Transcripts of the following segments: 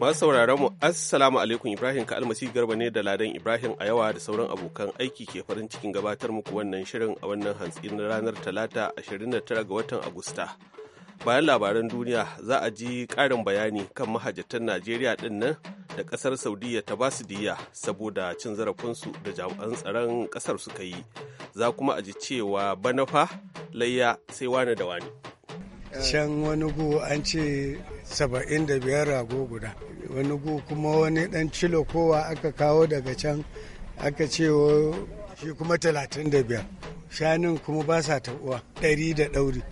Masu sauraron mu Assalamu alaikum Ibrahim ka almasi garba ne da Ladan Ibrahim a yawa da sauran abokan aiki ke farin cikin gabatar muku wannan shirin a wannan hantsi na ranar Talata 29 ga watan Agusta. Bayan labaran duniya za a ji ƙarin bayani kan mahajjatan Najeriya ɗinnan da ƙasar Saudiya ta basu diya saboda cin zarafinsu da jami'an tsaron ƙasar suka yi. Za kuma a ji cewa banafa fa layya sai wane da wani. Can wani gu an ce saba'in da biyar rago guda. wani gu kuma wani dan cilo kowa aka kawo daga can aka ce shi kuma talatin da biyar shanun kuma ba sa taɓuwa ɗari da ɗauri.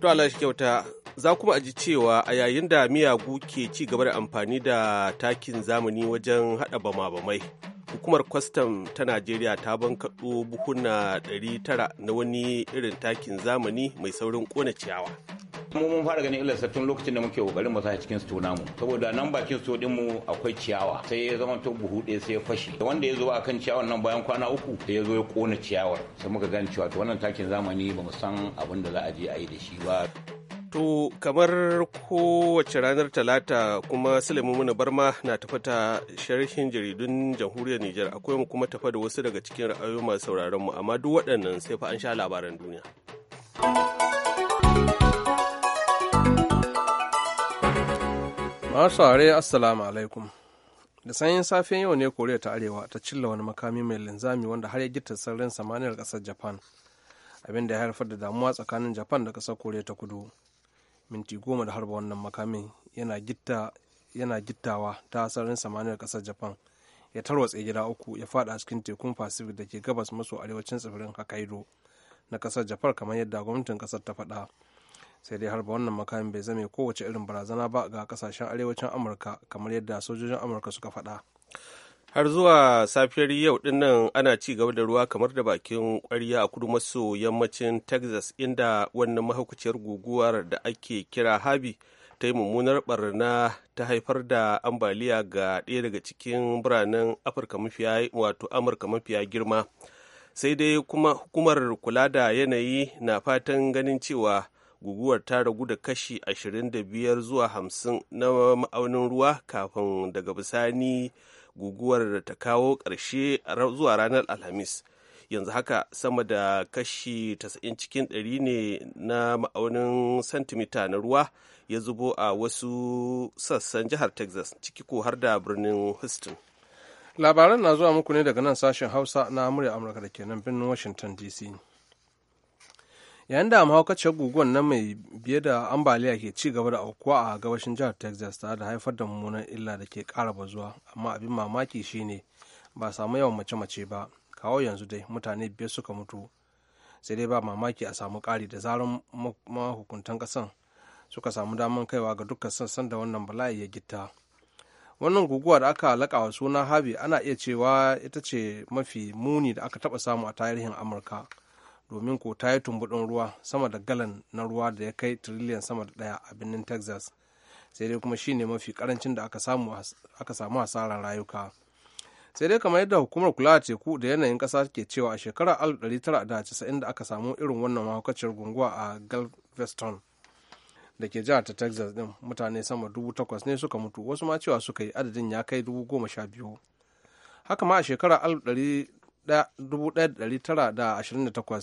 To Allah shi kyauta za kuma a ji cewa a yayin da miyagu ke ci gaba da amfani da takin zamani wajen haɗa bama-bamai hukumar kwastam ta najeriya ta bankaɗo buhuna 900 na wani irin takin zamani mai saurin ƙona ciyawa mu mun fara ganin illa tun lokacin da muke kokarin mu sa cikin stona mu. saboda nan bakin sto din mu akwai ciyawa sai ya zama to buhu ɗaya sai ya fashe wanda ya zo akan ciyawar nan bayan kwana uku sai ya zo ya kona ciyawar sai muka gane cewa to wannan takin zamani ba mu san abin da za a je a yi da shi ba To kamar kowace ranar talata kuma Suleiman Barma na tafa ta sharhin jaridun jamhuriyar Nijar akwai mu kuma tafa da wasu daga cikin ra'ayoyi masu sauraron mu amma duk waɗannan sai fa an sha labaran duniya. Masu saurare Assalamu alaikum. Da sanyin safe yau ne Koriya ta Arewa ta cilla wani makami mai linzami wanda har ya gita sararin samaniyar ƙasar Japan. Abin da ya haifar da damuwa tsakanin Japan da ƙasar Koriya ta Kudu. minti goma da harba wannan makamin yana gittawa ta sararin samaniyar kasar japan ya tarwatse gida uku ya fada a cikin tekun pacific da ke gabas maso arewacin tsibirin hokkaido na kasar japan kamar yadda gwamnatin kasar ta faɗa sai dai harba wannan makamin bai zame kowace irin barazana ba ga kasashen arewacin amurka kamar yadda sojojin amurka suka faɗa har zuwa safiyar yau dinnan ana ci gaba da ruwa kamar da bakin kwarya a kudu maso yammacin texas inda wannan mahaukaciyar guguwar da ake kira habi ta yi mummunar barna ta haifar da ambaliya ga ɗaya daga cikin biranen afirka mafiya wato amurka mafiya girma sai dai kuma hukumar kula da yanayi na fatan ganin cewa guguwar ta ragu da kashi 25 zuwa 50 na ma'aunin ruwa kafin daga bisani guguwar da ta kawo ƙarshe zuwa ranar alhamis yanzu haka sama da kashi 90 cikin 100 ne na ma'aunin santimita na ruwa ya zubo a wasu sassan jihar texas ciki ko har da birnin houston labaran na zuwa muku ne daga nan sashen hausa na murya amurka da kenan birnin washington dc yayin da mahaukaciyar guguwar na mai biye da ambaliya ke ci gaba da aukuwa a gabashin jihar texas tare da haifar da mummunan illa da ke kara bazuwa amma abin mamaki shine ba samu yawan mace-mace ba kawo yanzu dai mutane biyar suka mutu sai dai ba mamaki a samu kari da zarar mahukuntan kasan suka samu damar kaiwa ga dukkan sassan da wannan bala'i ya gitta wannan guguwa da aka laƙa wa suna harvey ana iya cewa ita ce mafi muni da aka taɓa samu a tarihin amurka domin ko ta yi tumbuɗin ruwa sama da galan na ruwa da ya kai tiriliyan sama da ɗaya a birnin texas sai dai kuma shine mafi karancin da aka samu hasarar rayuka sai dai kamar yadda hukumar kula da teku da yanayin ƙasa ke cewa a shekarar 1990 da aka samu irin wannan mahaukaciyar guguwa a galveston da ke jihar ta texas din mutane sama dubu takwas ne suka mutu wasu ma cewa suka yi adadin ya kai dubu goma sha biyu haka ma a shekarar 1928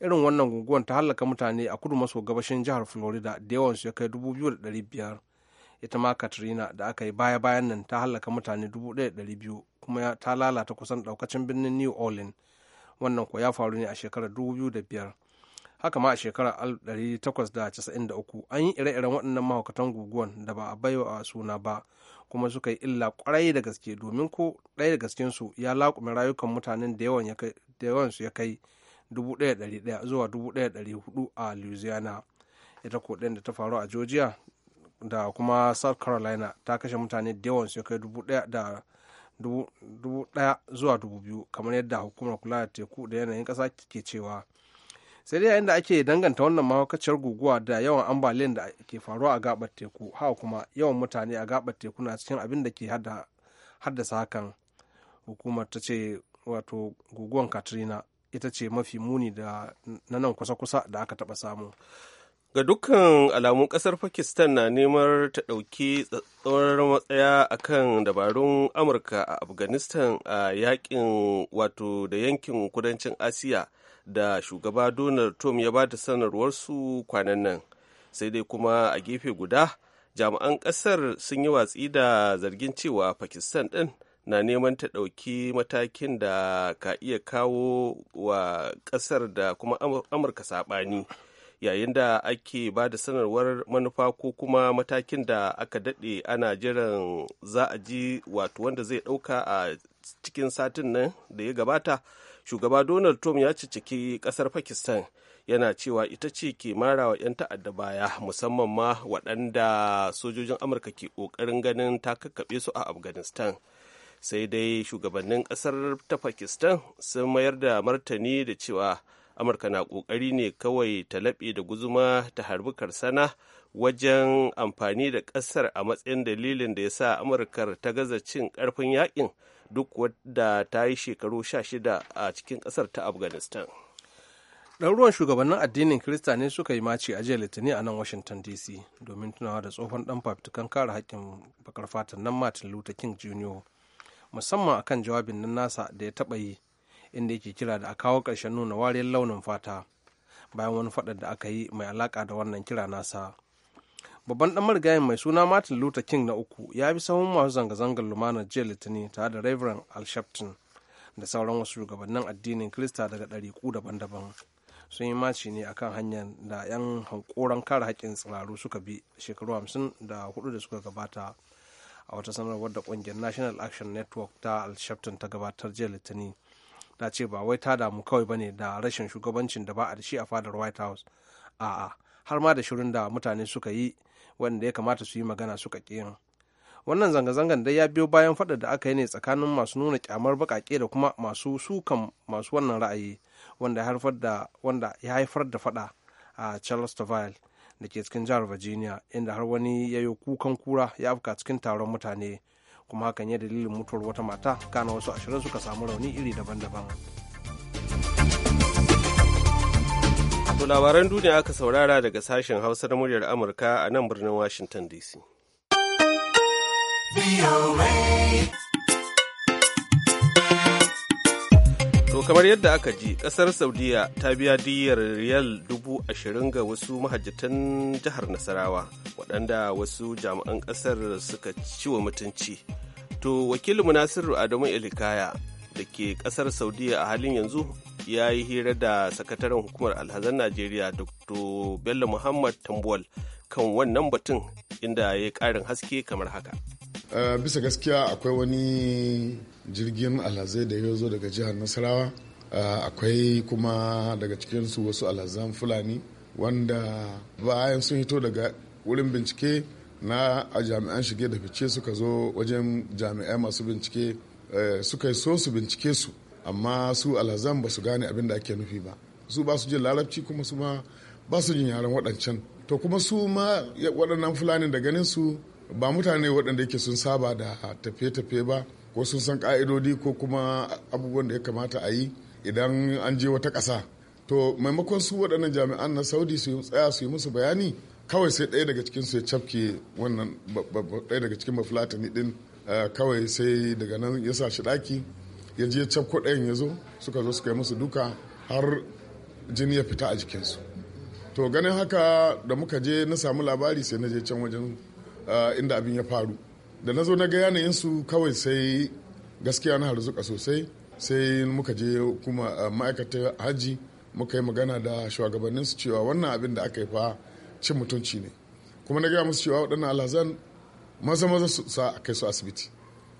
irin wannan guguwan ta hallaka mutane a kudu maso gabashin jihar florida da su ya kai 2,500 ita ma katrina da aka yi baya-bayan nan ta hallaka mutane 1,200 kuma ta lalata kusan daukacin birnin new orleans wannan ko ya faru ne a shekarar 2005 haka ma a shekarar 1893 an yi ire-iren waɗannan mahaukatan guguwan da ba a baiwa suna ba kuma suka yi illa kwarai da gaske domin ko ɗaya da su ya laƙume rayukan mutanen da yawan su ya kai 1,100 zuwa 1,400 a louisiana ita ko da ta faru a georgia da kuma south carolina ta kashe mutane da yawan su ya kai 1,000 zuwa 2,000 kamar yadda hukumar kula da teku da yanayin ƙasa ke cewa sai dai yayin da ake danganta wannan mahaukaciyar guguwa da yawan ambaliyar da ke faruwa a gabar teku haka kuma yawan mutane a gabar teku na cikin abin da ke haddasa hakan hukumar ta ce wato guguwan katrina ita ce mafi muni da na nan kusa-kusa da aka taba samu ga dukkan alamun kasar pakistan na neman ta ɗauki tsatsauran matsaya a kan dabarun amurka a afghanistan a yakin wato da yankin kudancin asiya da shugaba donald trump ya ba ta su kwanan nan sai dai kuma a gefe guda jami'an kasar sun yi watsi da zargin cewa pakistan ɗin na neman ta ɗauki matakin da ka iya kawo wa kasar da kuma amurka saɓani yayin da ake ba da sanarwar manufa ko kuma matakin da aka daɗe ana jiran za a ji wato wanda zai ɗauka a cikin satin nan da ya gabata shugaba donald trump ya cicciki kasar pakistan yana cewa ita ce ke mara wa 'yan ta'adda baya musamman ma waɗanda sojojin amurka ke ƙoƙarin ganin ta kakkaɓe su a afghanistan sai dai shugabannin ƙasar ta pakistan sun mayar da martani da cewa amurka na ƙoƙari ne kawai ta laɓe da guzuma ta harbi karsana wajen amfani da ƙasar a matsayin dalilin da ya sa amurka ta gaza cin ƙarfin yakin duk wadda ta yi shekaru shida a cikin ƙasar ta afghanistan ɗaruruwan shugabannin addinin kirista ne suka yi maci a jiya litinin a nan washington dc domin tunawa da tsohon ɗan fafitukan kare haƙƙin bakar fatan nan martin luther king jr musamman akan jawabin nan nasa da ya taɓa yi inda yake kira da a kawo ƙarshen nuna wariyar launin fata bayan wani faɗa da aka yi mai alaƙa da wannan kira nasa babban dan marigayin mai suna martin luther king na uku ya bi sahun masu zanga-zangar lumana jiya litinin tare da reverend al shafton da sauran wasu shugabannin addinin kirista daga ɗariƙu daban-daban sun yi maci ne akan hanyar da 'yan hankoran kare haƙƙin tsiraru suka bi shekaru hamsin da hudu da suka gabata a wata sanarwar da ƙungiyar national action network ta al shafton ta gabatar jiya litinin ta ce ba wai ta damu kawai ba ne da rashin shugabancin da ba a da shi a fadar white house a'a har ma da shirin da mutane suka yi wanda ya kamata su yi magana suka ƙi wannan zanga-zangan dai ya biyo bayan faɗa da aka yi ne tsakanin masu nuna kyamar baƙaƙe da kuma masu sukan masu wannan ra'ayi wanda ya haifar da faɗa a charlottesville da ke cikin jihar virginia inda har wani ya yi kukan kura ya afka cikin taron mutane kuma hakan ya dalilin mutuwar wata mata kana wasu ashirin suka samu rauni iri daban-daban. To labaran duniya aka saurara daga sashen Hausa na muryar Amurka a nan birnin Washington DC. To kamar yadda aka ji, ƙasar Saudiya ta biya diyyar riyal dubu ashirin ga wasu mahajjatan jihar Nasarawa, waɗanda wasu jami'an ƙasar suka wa mutunci. To wakilinmu Nasiru Adamu Elikaya da ke ƙasar Saudiya a halin yanzu ya yi hira da sakataren hukumar alhazan najeriya dr bello muhammad tambuwal kan wannan batun inda ya yi karin haske kamar haka bisa gaskiya akwai wani jirgin alhazai da ya zo daga jihar nasarawa akwai kuma daga cikinsu wasu alhazan fulani wanda bayan sun hito daga wurin bincike na a jami'an shige da fice suka zo wajen jami'ai masu bincike eh, suka so su bincike su amma su alhazan ba su gane abin da ake nufi ba su ba su jin larabci kuma su ma ba su jin yaren waɗancan to kuma su ma waɗannan fulani da ganin su ba mutane waɗanda yake sun saba da tafiye-tafiye ba ko sun san ƙa'idodi ko kuma abubuwan da ya kamata a yi idan an je wata ƙasa to maimakon su waɗannan jami'an na saudi su tsaya su yi musu bayani kawai sai ɗaya daga cikin su ya cafke wannan ɗaya daga cikin mafulatani ɗin eh, kawai sai daga nan ya sa shi ɗaki ya je can ɗayan ya zo suka zo suka yi musu duka har jini ya fita a jikinsu to ganin haka da muka je na samu labari sai na je can wajen ah, inda abin ya faru da na zo na ga yanayinsu kawai sai gaskiya na harzuka sosai sai muka je kuma ah, ma'aikatar hajji muka yi magana da shugabanninsu cewa wannan abin da aka yi fa cin mutunci ne kuma na gaya musu cewa waɗannan alhazan maza maza su sa a kai su asibiti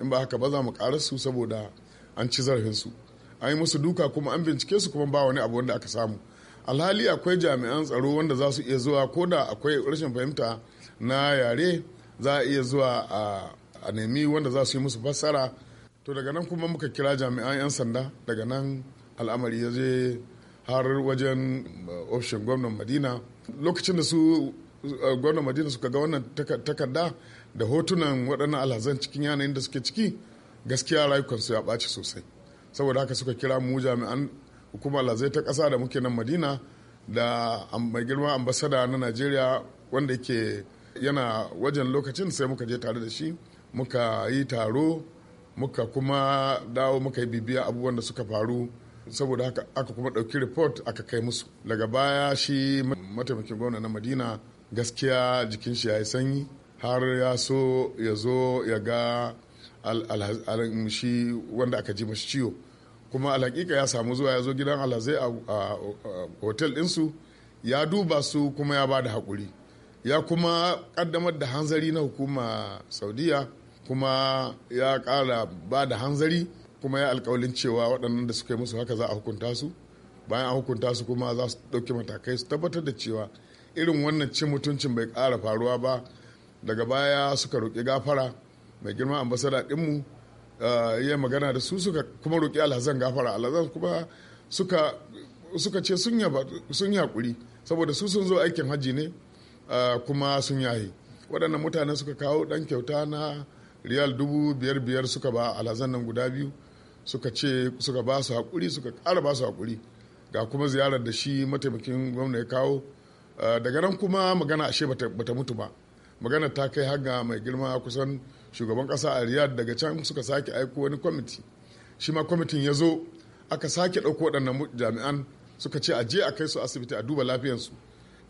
in ba haka ba za mu ƙarar su saboda an ci zarafinsu an yi musu duka kuma an bincike su kuma ba wani abu wanda aka samu alhali akwai jami'an tsaro wanda za su iya zuwa ko da akwai rashin fahimta na yare za a iya zuwa a nemi wanda za su yi musu fassara to daga nan kuma muka kira jami'an 'yan sanda daga nan al'amari ya je har wajen uh, ofishin gwamnan madina lokacin da su uh, gwamnan madina suka ga wannan takarda da hotunan waɗannan alhazan cikin yanayin da suke ciki gaskiya rayukansu ya ɓaci sosai saboda haka suka kira mu jami'an hukumar lazai ta ƙasa da muke nan madina da mai girma ambasada na najeriya wanda yake yana wajen lokacin sai muka je tare da shi muka yi taro muka kuma dawo muka yi bibiya abubuwan da suka faru saboda haka aka kuma ɗauki report aka kai musu daga baya shi mataimakin gwamna na madina gaskiya jikin shi ya yi sanyi har ya so ya zo ya ga shi wanda aka ji mashi ciwo kuma alhakika ya samu zuwa ya zo gidan alhazai a hotel ɗinsu ya duba su kuma ya bada da haƙuri ya kuma ƙaddamar da hanzari na hukuma saudiya kuma ya ƙara ba da hanzari kuma ya alkawalin cewa waɗannan da suka yi musu haka za a hukunta su bayan a hukunta su kuma za su ɗauki matakai su tabbatar da cewa irin wannan cin mutuncin bai ƙara faruwa ba daga baya suka roƙi gafara mai girma ambasada dinmu ah, ya magana da su suka kuma roƙi alhazan gafara alhazan kuma suka ce sun yi hakuri saboda su sun zo aikin hajji ne ah, kuma sun yayi waɗannan mutane suka kawo ɗan kyauta na riyal dubu biyar biyar suka ba alhazan nan guda biyu suka ce suka ba su hakuri suka ƙara ba su hakuri ga kuma ziyarar da shi mataimakin gwamna ya kawo ah, daga nan kuma magana ashe bata mutu ba magana ta kai har ga mai girma kusan shugaban kasa a riyad daga can suka sake aiko wani kwamiti shi ma kwamitin ya zo aka sake ɗauko waɗannan jami'an suka ce a je a kai su asibiti a duba lafiyarsu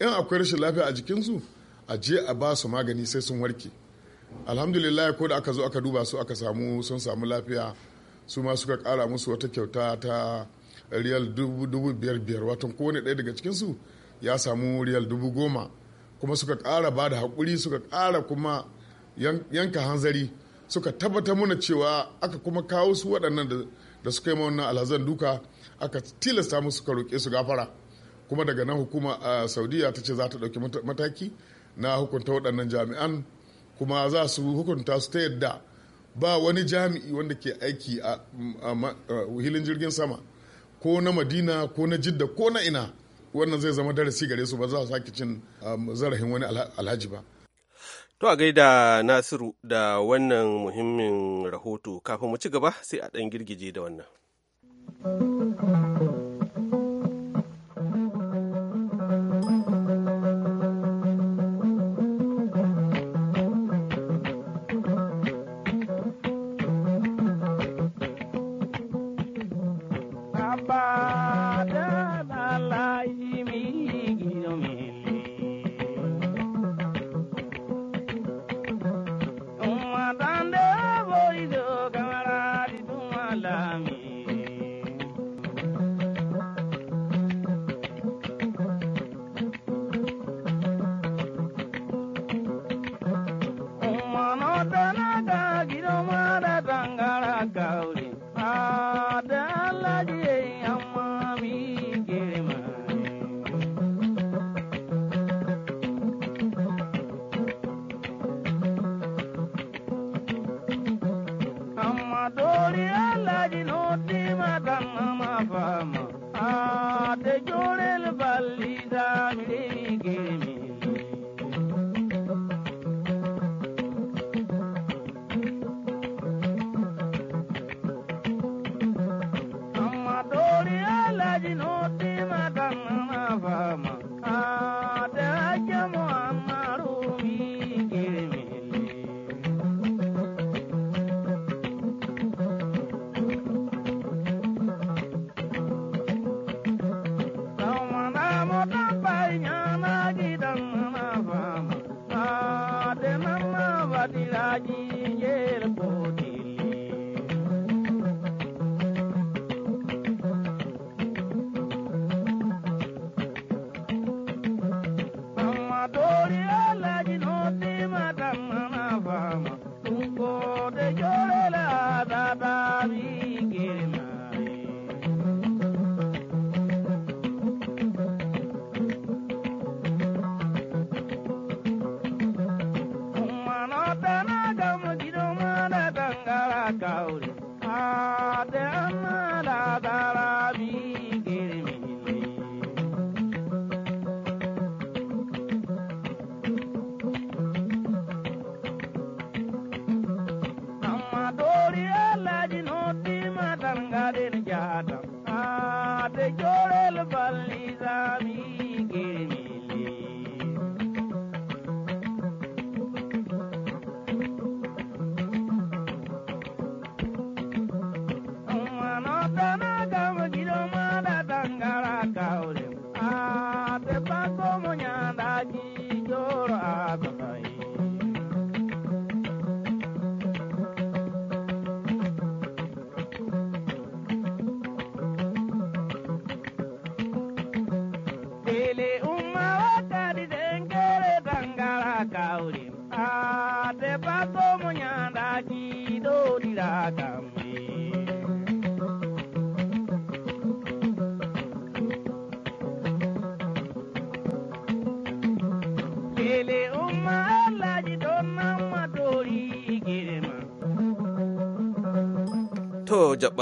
in akwai rashin lafiya a jikinsu a je a ba su magani sai sun warke alhamdulillah ko da aka zo aka duba su aka samu sun samu lafiya su ma suka kara musu wata kyauta ta riyal dubu biyar biyar watan kowane ɗaya daga cikinsu ya samu riyal dubu goma kuma suka kara ba da haƙuri suka kara kuma yanka hanzari suka tabbatar mana cewa aka kuma kawo su waɗannan da suka yi wannan alhazan duka aka tilasta musu ka roƙe su gafara kuma daga nan hukuma a saudiya ta ce za ta ɗauki mataki na hukunta waɗannan jami'an kuma za su hukunta su ta yadda ba wani jami'i wanda ke aiki a hilin jirgin sama ko na madina ko na jidda ko na ina wannan zai zama darasi gare su ba za su sake cin zarafin wani alhaji ba To a gaida Nasiru da wannan muhimmin rahoto kafin mu ci gaba sai a ɗan girgije da wannan.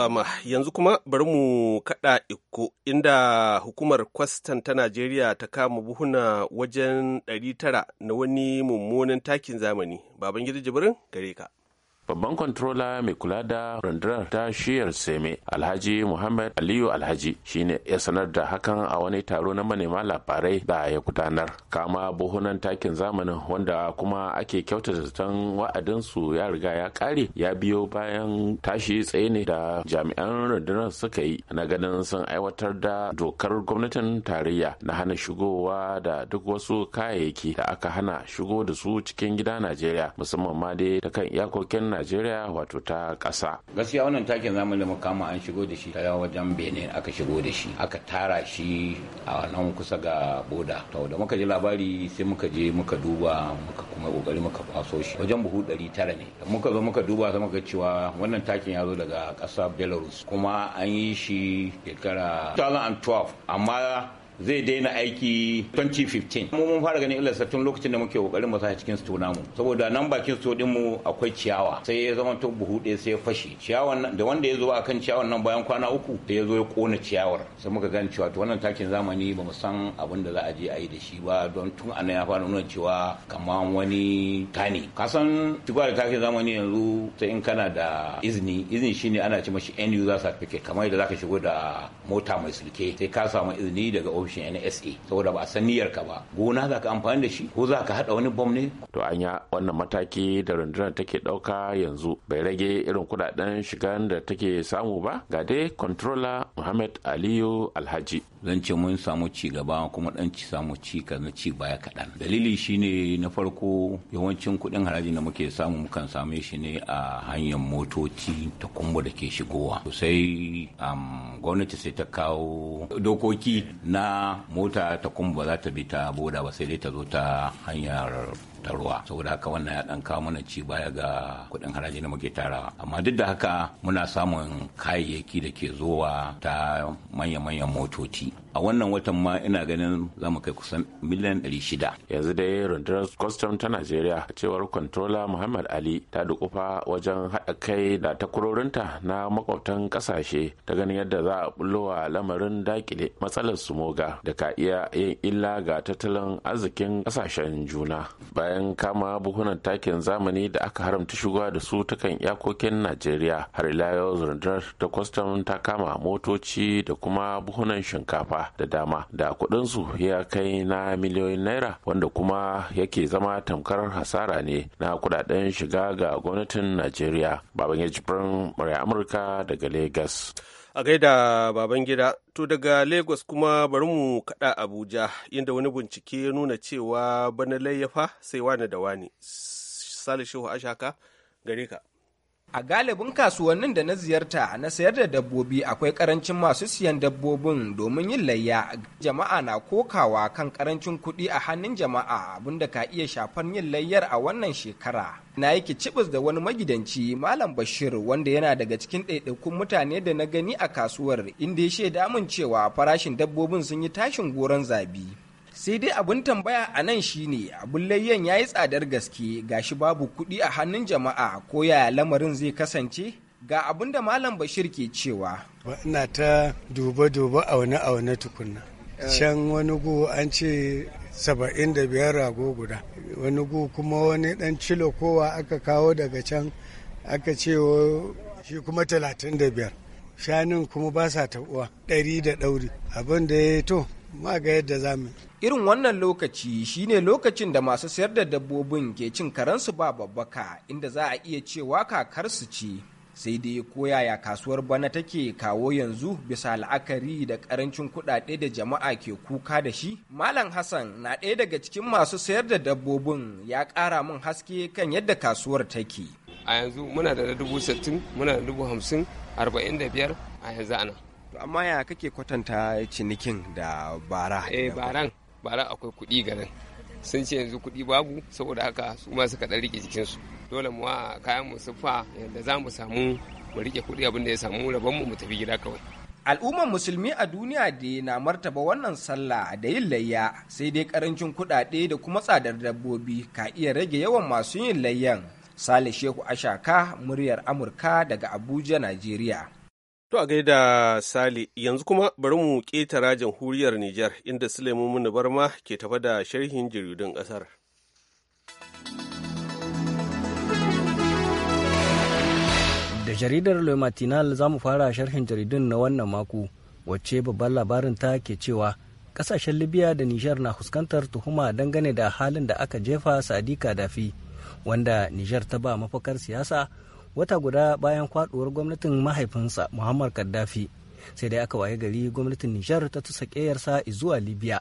Salama, yanzu kuma bari mu kaɗa iko inda hukumar kwastan ta Najeriya ta kama buhuna wajen 900 na wani mummunan takin zamani. Babangida Jibrin gare ka. babban kontrola mai kula da rundunar ta shiyar seme alhaji muhammad aliyu alhaji shine ya sanar da hakan a wani taro na manema labarai da ya gudanar kama buhunan takin zamanin wanda kuma ake kyauta zaton wa'adinsu ya riga ya kare ya biyo bayan tashi tsaye ne da jami'an rundunar suka yi na ganin sun aiwatar da dokar gwamnatin tarayya na hana shigowa da duk wasu kayayyaki da aka hana shigo da su cikin gida najeriya musamman ma dai ta kan iyakokin najeriya wato ta ƙasa gaskiya wannan takin zamani da makama an shigo da shi ta wajen benin aka shigo da shi aka tara shi a nan kusa ga boda to da muka ji labari sai muka je muka duba muka kuma kokari muka kwaso shi wajen buhu ɗari tara ne Da muka zo muka duba sai muka cewa wannan takin ya zo daga ƙasa belarus kuma an yi shi shekara 2012 amma zai daina aiki 2015 mu mun fara ganin illarsa tun lokacin da muke kokarin mu sa cikin sto mu. saboda nan bakin sto din mu akwai ciyawa sai ya zama to buhu ɗaya sai ya fashe ciyawan da wanda ya zo akan ciyawan nan bayan kwana uku da ya zo ya kona ciyawar sai muka gane cewa to wannan takin zamani ba mu san abin da za a je a yi da shi ba don tun ana ya fara nuna cewa kamar wani tani ka san tuba da takin zamani yanzu sai in kana da izini izini shine ana ce mashi end user certificate kamar yadda zaka shigo da mota mai sulke sai ka samu izini daga ofishin NSA saboda ba a san niyyar ka ba gona za ka amfani da shi ko za ka hada wani bom ne to anya wannan mataki da rundunar take dauka yanzu bai rage irin kudaden shiga da take samu ba ga dai controller Muhammad Aliyu Alhaji zan ce mun samu ci gaba kuma dan ci samu ci ka na ci baya kaɗan dalili shine na farko yawancin kuɗin haraji da muke samu mukan same shi ne a hanyar motoci ta kumbu da ke shigowa sai gwamnati sai ta kawo dokoki na mota ta kuma ba za ta bi ta boda ba sai dai ta zo ta hanyar ta ruwa saboda haka wannan ya dan kawo mana ci baya ga kudin haraji da muke tarawa amma duk da haka muna samun kayayyaki da ke zowa ta manya-manyan motoci a wannan watan ma ina ganin za mu kai kusan miliyan 600 yanzu dai rundunar kwastam ta nigeria cewar controller muhammad ali ta dukufa wajen haɗa kai da takwarorinta na makwabtan ƙasashe ta ganin yadda za a wa lamarin dakile matsalar su moga da ka iya yin illa ga tattalin arzikin ƙasashen juna bayan kama buhunan takin zamani da aka haramta shiga da su ta kan iyakokin najeriya har ila yau rundunar ta kwastam ta kama motoci da kuma buhunan shinkafa da dama da kuɗinsu ya kai na miliyoyin naira wanda kuma yake zama tamkar hasara ne na kudaden shiga ga gwamnatin najeriya baban ya jibrin murya amurka daga lagos a gaida baban gida to daga lagos kuma bari mu kada abuja inda wani bincike ya nuna cewa bana layyafa sai wani da wani salishu ashaka gare ka A galibin kasuwannin da na ziyarta na sayar da dabbobi akwai karancin masu siyan dabbobin domin yin layya. Jama'a na kokawa kan karancin kuɗi a hannun jama'a abinda ka iya shafar yin layyar a wannan shekara. Na yi kicibis da wani magidanci Malam Bashir wanda yana daga cikin ɗaiɗaikun mutane da na gani a kasuwar inda ya shaida mun cewa farashin dabbobin sun yi tashin goron zabi. sai dai abun tambaya a nan shine abun layyan ya yi tsadar gaske ga shi babu kuɗi a hannun jama'a ko ya lamarin zai kasance ga abun da malam bashir ke cewa ina ta dube-dube aune-aune tukunna eh. can wani gu an ce saba'in da biyar rago guda wani gu kuma wani dan cilo kowa aka kawo daga can aka ce shi kuma talatin da biyar shanun kuma ba sa tabuwa ɗari da ɗauri abin da ya to ma ga yadda za irin wannan lokaci shine lokacin da masu sayar da dabbobin ke cin karansu ba babbaka inda za a iya cewa kakarsu ce sai dai koyaya kasuwar bana take kawo yanzu bisa la'akari da karancin kuɗaɗe da jama'a ke kuka da shi malam hassan na ɗaya daga cikin masu sayar da dabbobin ya ƙara min haske kan yadda kasuwar take a yanzu muna da dubu sittin muna da dubu hamsin arba'in da biyar a yanzu ana amma ya kake kwatanta cinikin da bara eh baran bara akwai kuɗi garin sun ce yanzu kuɗi babu saboda haka su ma suka ɗan rike jikinsu dole mu wa kayan mu sufa yadda za mu samu mu rike kuɗi abin da ya samu rabon mu mu tafi gida kawai al'ummar musulmi a duniya da na martaba wannan sallah da yin layya sai dai karancin kuɗaɗe da kuma tsadar dabbobi ka iya rage yawan masu yin layyan sale shehu ashaka muryar amurka daga abuja najeriya To a gaida sali yanzu kuma bari mu ƙetara jamhuriyar Nijar inda Suleiman Barma ke tafa da sharhin jaridun ƙasar. Da jaridar Le Matinal za mu fara sharhin jaridun na wannan mako, wacce babban labarin ta ke cewa ƙasashen Libya da Nijar na fuskantar tuhuma dangane da halin da aka jefa Sadi dafi wanda Nijar ta ba mafakar siyasa wata guda bayan kwaduwar gwamnatin mahaifinsa muhammad kaddafi sai dai aka waye gari gwamnatin nijar ta tusa ƙeyarsa zuwa libya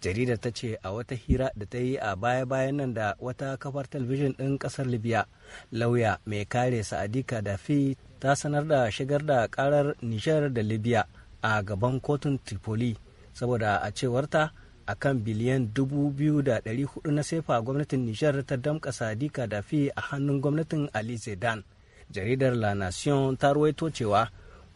jaridar ta ce a wata hira da ta yi a baya-bayan nan da wata kafar talabijin ɗin ƙasar libya lauya mai kare sa'adika kadafi ta sanar da shigar da karar nijar da libya a gaban kotun tripoli saboda a cewarta a kan biliyan 2,400 na sefa gwamnatin Nijar ta damƙa Sadi fi a hannun gwamnatin Ali Zidane. Jaridar La Nation ta ruwaito cewa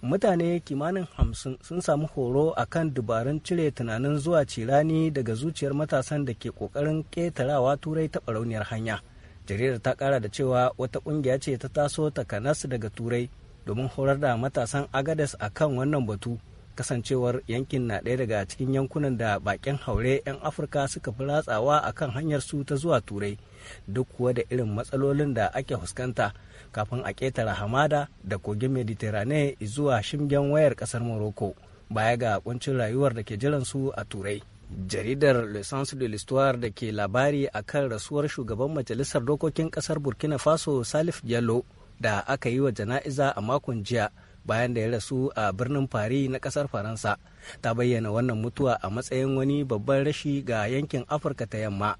mutane kimanin hamsin sun samu horo a kan dubarun cire tunanin zuwa cirani daga zuciyar matasan da ke ƙoƙarin ƙetarawa turai ta barauniyar hanya. Jaridar ta ƙara da cewa wata ƙungiya ce ta taso takanas daga turai domin horar da matasan Agades a kan wannan batu. kasancewar yankin na ɗaya daga cikin yankunan da baƙin haure 'yan afirka suka fi ratsawa a kan hanyar su ta zuwa turai duk kuwa da irin matsalolin da ake fuskanta kafin a ƙetare hamada da kogin mediterane zuwa shimgen wayar ƙasar morocco baya ga kuncin rayuwar da ke jiransu a turai jaridar l'essence de l'histoire da ke labari a kan rasuwar shugaban majalisar dokokin kasar burkina faso salif diallo da aka yi wa jana'iza a makon jiya bayan da ya rasu a birnin Paris na kasar Faransa ta bayyana wannan mutuwa a matsayin wani babban rashi ga yankin Afirka ta yamma.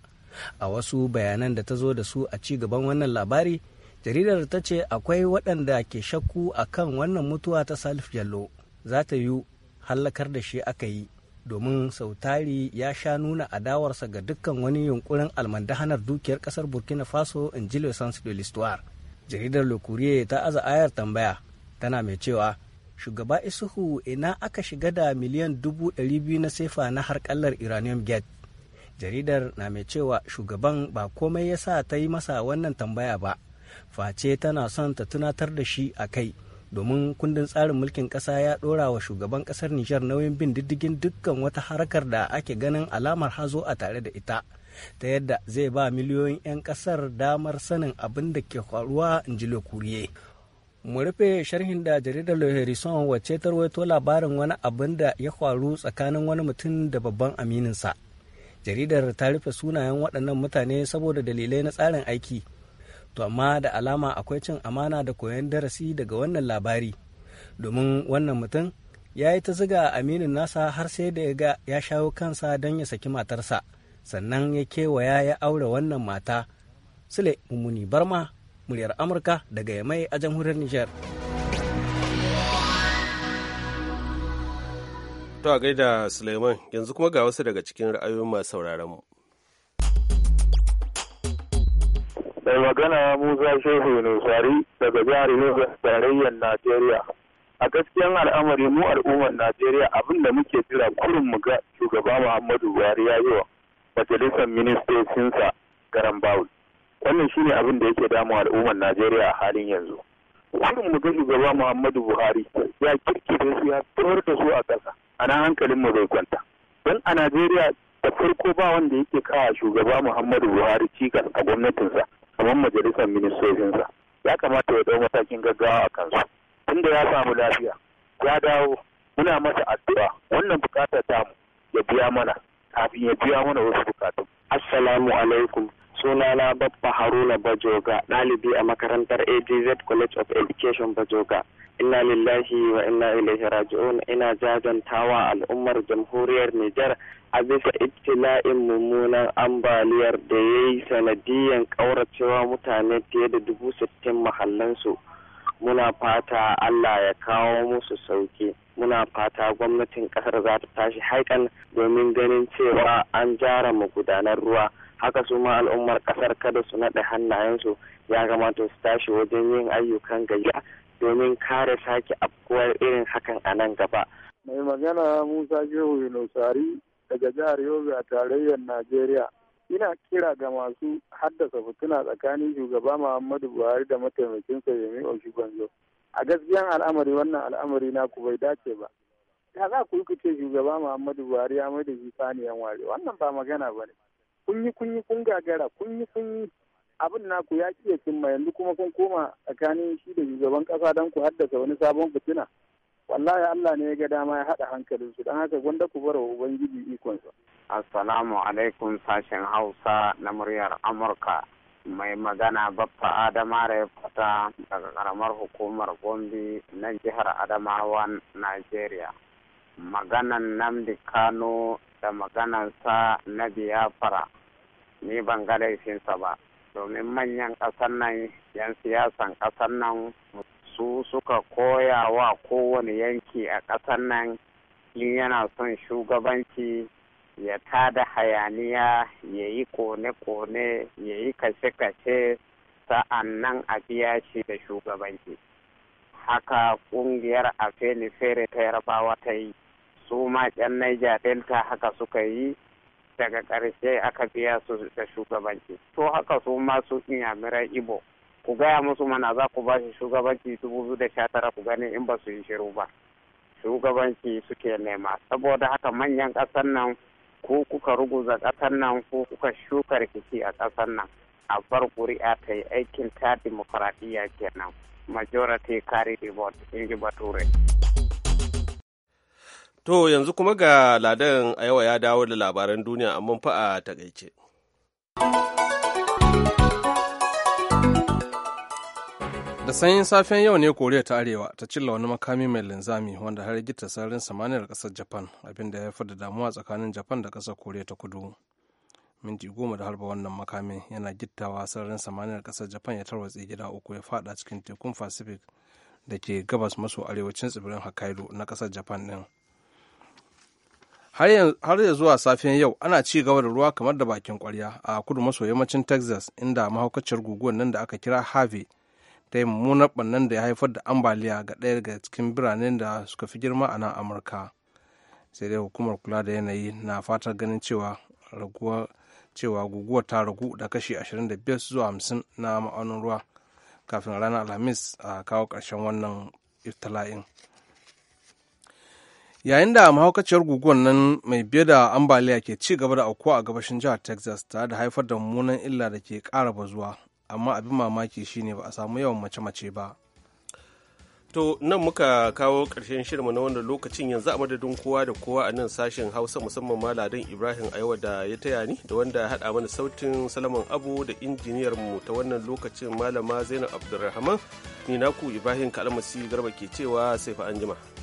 A wasu bayanan da ta zo da su a ci gaban wannan labari, jaridar ta ce akwai waɗanda ke shakku a kan wannan mutuwa ta Salif Jallo za ta yi hallakar da shi aka yi domin sautari ya sha nuna adawarsa ga dukkan wani yunkurin almandahanar dukiyar kasar burkina faso in Jilo Sans de l'histoire jaridar le ta aza ayar tambaya tana mai cewa shugaba isuhu ina aka shiga da miliyan dubu ɗari biyu na sefa na harkallar iranium gate jaridar na mai cewa shugaban ba komai ya sa ta yi masa wannan tambaya ba face tana son ta tunatar da shi a kai domin kundin tsarin mulkin ƙasa ya ɗora wa shugaban ƙasar nijar nauyin bin diddigin dukkan wata harkar da ake ganin alamar hazo a tare da ita ta yadda zai ba miliyoyin 'yan ƙasar damar sanin abin da ke faruwa in ji mu rufe sharhin da jaridar Le Harrison wacce ta labarin wani abin da ya faru tsakanin wani mutum da babban amininsa. Jaridar ta rufe sunayen waɗannan mutane saboda dalilai na tsarin aiki. To amma da alama akwai cin amana da koyon darasi daga wannan labari. Domin wannan mutum ya yi ta ziga aminin nasa har sai da ya ga ya shawo kansa don ya saki matarsa. Sannan ya kewaya ya aure wannan mata. Sule Mummuni Barma muryar Amurka daga Yamai a jamhuriyar Nijar. To a gaida Suleiman yanzu kuma ga wasu daga cikin ra'ayoyin masu sauraron mu. Mai magana Musa Shehu Nusari daga jihar Lagos tarayyar Najeriya. A gaskiyan al'amari mu al'ummar Najeriya abin da muke jira kurin mu ga shugaba Muhammadu Buhari ya yi wa majalisar ministocinsa garan Bawul. wannan ne abin da yake damu al'ummar najeriya a halin yanzu shirin mu ga shugaba muhammadu buhari ya kirkire su ya tsohar da su a ƙasa a nan hankalin mu bai kwanta don a najeriya da farko ba wanda yake kawo shugaba muhammadu buhari cikas a gwamnatinsa kamar majalisar ministocinsa ya kamata ya ɗau matakin gaggawa a kansu tunda ya samu lafiya ya dawo muna masa addu'a wannan bukatar tamu ya biya mana kafin ya biya mana wasu bukatu assalamu alaikum sunana babba haruna bajoga ɗalibi a makarantar adz college of education bajoga inna lillahi wa inna ilaihi raji'un ina jajantawa al'ummar jamhuriyar nijar a bisa ibtila'in mummunan ambaliyar da ya yi sanadiyan ƙauracewa mutane fiye da dubu sittin mahallansu muna fata allah ya kawo musu sauki muna fata gwamnatin kasar za ta tashi haikan domin ganin cewa an jara magudanar ruwa haka su ma al'ummar kasar kada su naɗe hannayensu ya kamata su tashi wajen yin ayyukan gayya domin kare sake afkuwar irin hakan a nan gaba. mai magana musa shehu yunusari daga jihar yobe a tarayyar najeriya ina kira ga masu haddasa fituna tsakanin shugaba muhammadu buhari da mataimakinsa yemi oshigbanzo a gaskiyan al'amari wannan al'amari na ku bai dace ba ya za ku yi kuce shugaba muhammadu buhari ya mai da shi saniyan ware wannan ba magana ba ne kun yi kun yi kun gagara kun yi kun yi abin naku ya ƙi cimma yanzu kuma kun koma tsakanin shi da shugaban ƙasa don ku haddasa wani sabon fitina wallahi Allah ne ya ga dama ya haɗa hankalin su dan haka gwanda ku bar wa ubangiji ikonsa. Assalamu alaikum sashen Hausa na muryar Amurka mai magana Baffa Adama da ya fata daga karamar hukumar Gombe na jihar Adamawa nigeria Maganan Namdi Kano da maganansa na biyafara ni ban ga laifinsa ba domin manyan ƙasar nan yan siyasan ƙasar nan su suka koya wa kowane yanki a ƙasar nan in yana son shugabanci ya tada hayaniya ya yi kone-kone ya yi kashe-kashe sa'an nan a biya shi da shugabanci haka ƙungiyar a fere ta yarbawa ta yi su ma yan Niger Delta haka suka yi daga ƙarshe aka biya su da shugabanci to haka su ma su inyamiran Ibo ku gaya musu mana za ku ba shi shugabanci dubu biyu da sha ku gani in ba su yi shiru ba shugabanci suke nema saboda haka manyan ƙasar nan ko kuka ruguza ƙasar nan ko kuka shuka rikici a ƙasar nan a bar ƙuri'a ta yi aikin ta dimokuraɗiyya kenan majority carry the vote in ji bature. To yanzu kuma ga Ladan a yawa ya dawo da labaran duniya amma fa a takaice. Da sanyin safiyan yau ne Koriya ta Arewa ta cilla wani makami mai linzami wanda har gita sararin samaniyar kasar Japan abinda ya haifar da damuwa tsakanin Japan da kasar Koriya ta Kudu. Minti goma da harba wannan makamin yana gittawa sararin samaniyar kasar Japan ya tarwatse gida uku ya fada cikin tekun Pacific da ke gabas maso arewacin tsibirin Hokkaido na kasar Japan ɗin. har ya zuwa safiyan yau ana ci gaba da ruwa kamar da bakin kwarya a kudu maso yammacin texas inda mahaukaciyar guguwar nan da aka kira harvey ta yi mummunar bannan da ya haifar da ambaliya ga ɗaya daga cikin biranen da suka fi girma a nan amurka sai dai hukumar kula da yanayi na fatar ganin cewa raguwa cewa guguwar ta ragu da kashi 25 zuwa 50 na ma'aunin ruwa kafin ranar alhamis a kawo ƙarshen wannan iftila'in yayin da mahaukaciyar guguwar nan mai biye da ambaliya ke ci gaba da aukuwa a gabashin jihar texas tare da haifar da mummunan illa da ke kara bazuwa amma abin mamaki shine ba a samu yawan mace-mace ba To nan muka kawo ƙarshen shirma na wanda lokacin yanzu a madadin kowa da kowa a nan sashen Hausa musamman maladin Ibrahim Aiwa da ya taya ni da wanda ya haɗa mana sautin Salaman Abu da injiniyar mu ta wannan lokacin Malama Zainab Abdulrahman ni naku Ibrahim Kalmasi Garba ke cewa sai fa anjima.